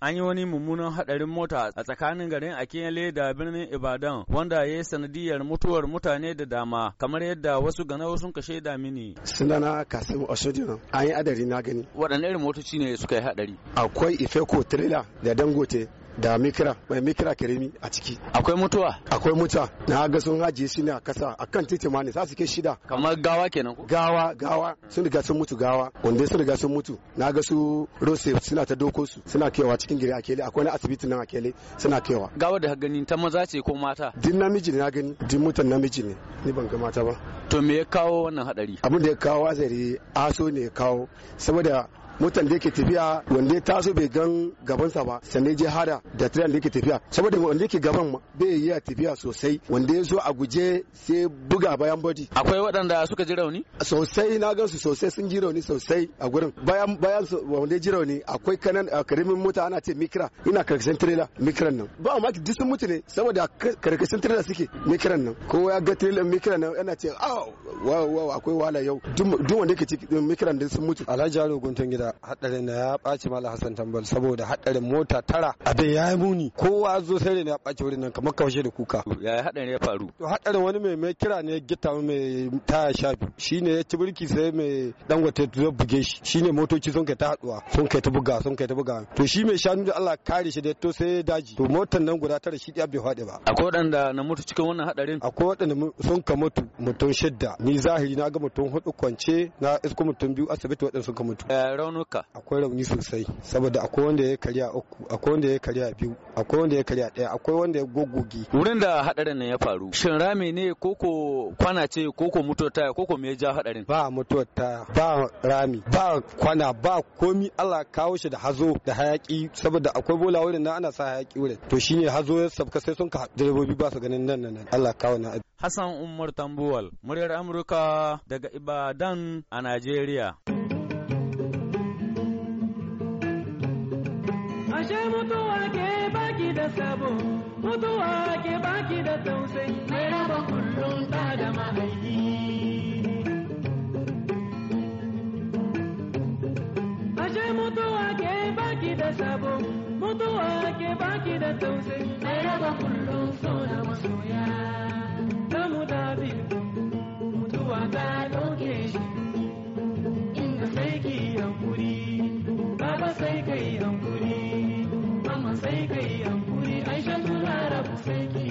An yi wani mummunan haɗarin mota a tsakanin garin Akinyele da birnin Ibadan wanda ya yi sanadiyar mutuwar mutane da dama kamar yadda wasu gana sun kashe da mini. Sunana Kasim Osodina an yi adari na gani. Waɗanne irin motoci ne suka yi haɗari? Akwai Ifeko Trailer da Dangote da mikira mai mikira kiremi a ciki akwai mutuwa akwai mutuwa na ga sun hajiye su ne a kasa akan titi ma ne za su ke shida kamar gawa kenan ko gawa gawa sun riga sun mutu gawa wanda sun riga sun mutu na ga su rose suna ta doko su suna kewa cikin gari a kele akwai na asibiti nan a kele suna kewa gawa da gani ta maza ce ko mata din namiji ne na gani din mutan namiji ne ni ban ga mata ba to me ya kawo wannan hadari abin da ya kawo azari aso ne ya kawo saboda motan da yake tafiya wanda ya taso bai gan gabansa ba sannan je hada da tiran da yake tafiya saboda wanda yake gaban bai yi tafiya sosai wanda ya zo a guje sai buga bayan body akwai waɗanda suka ji rauni sosai na gan su sosai sun ji rauni sosai a gurin bayan bayan wanda ya ji rauni akwai kanan karimin mota ana ce mikra ina karkashin trailer mikran nan ba ma ki dusun mutune saboda karkashin trailer suke mikran nan kowa ya ga trailer mikran nan yana ce ah wa wa akwai wala yau duk wanda yake cikin mikran din sun mutu alhaji Aro Guntun gida hadarin na ya ɓaci mala hassan tambal saboda hadarin mota tara abin ya yi muni kowa zo sai ne ya ɓaci wurin nan kamar kaushe da kuka ya hadarin ya faru to hadarin wani mai mai kira ne gita mai taya sha biyu shine ya ci burki sai mai dangote ya buge shi shine motoci sun kai ta haduwa sun kai ta buga sun kai ta buga to shi mai shanu da Allah kare shi da to sai daji to motan nan guda tara shi ya bai faɗi ba akwai waɗanda na mutu cikin wannan hadarin akwai waɗanda sun ka mutu mutum shidda ni zahiri na ga mutum hudu kwance na isko mutum biyu asibiti waɗanda sun ka mutu eh, raunuka akwai rauni sosai saboda akwai wanda ya karya uku akwai wanda ya karya biyu akwai wanda ya karya daya akwai wanda ya goggoge wurin da hadarin nan ya faru shin rami ne koko kwana ce koko mutuwar taya koko me ya ja hadarin ba mutuwar taya ba rami ba kwana ba komi Allah kawo shi da hazo da hayaki saboda akwai bola wurin nan ana sa hayaki wurin to shine hazo ya sabka sai sun ka direbobi ba su ganin nan nan Allah kawo na Hassan Umar Tambuwal muryar Amurka daga Ibadan a Najeriya ashe mutuwa ke baki da sabo mutuwa ke baki da tausayi mai raba kullum ta da mahaifi ashe mutuwa ke baki da sabo mutuwa ke baki da tausayi mai raba kullum so da masoya ta mu dabi mutuwa ta ɗauke shi inda sai ki hankuri baba sai kai hankuri sai kai yankuri aisha tun rabu sai ki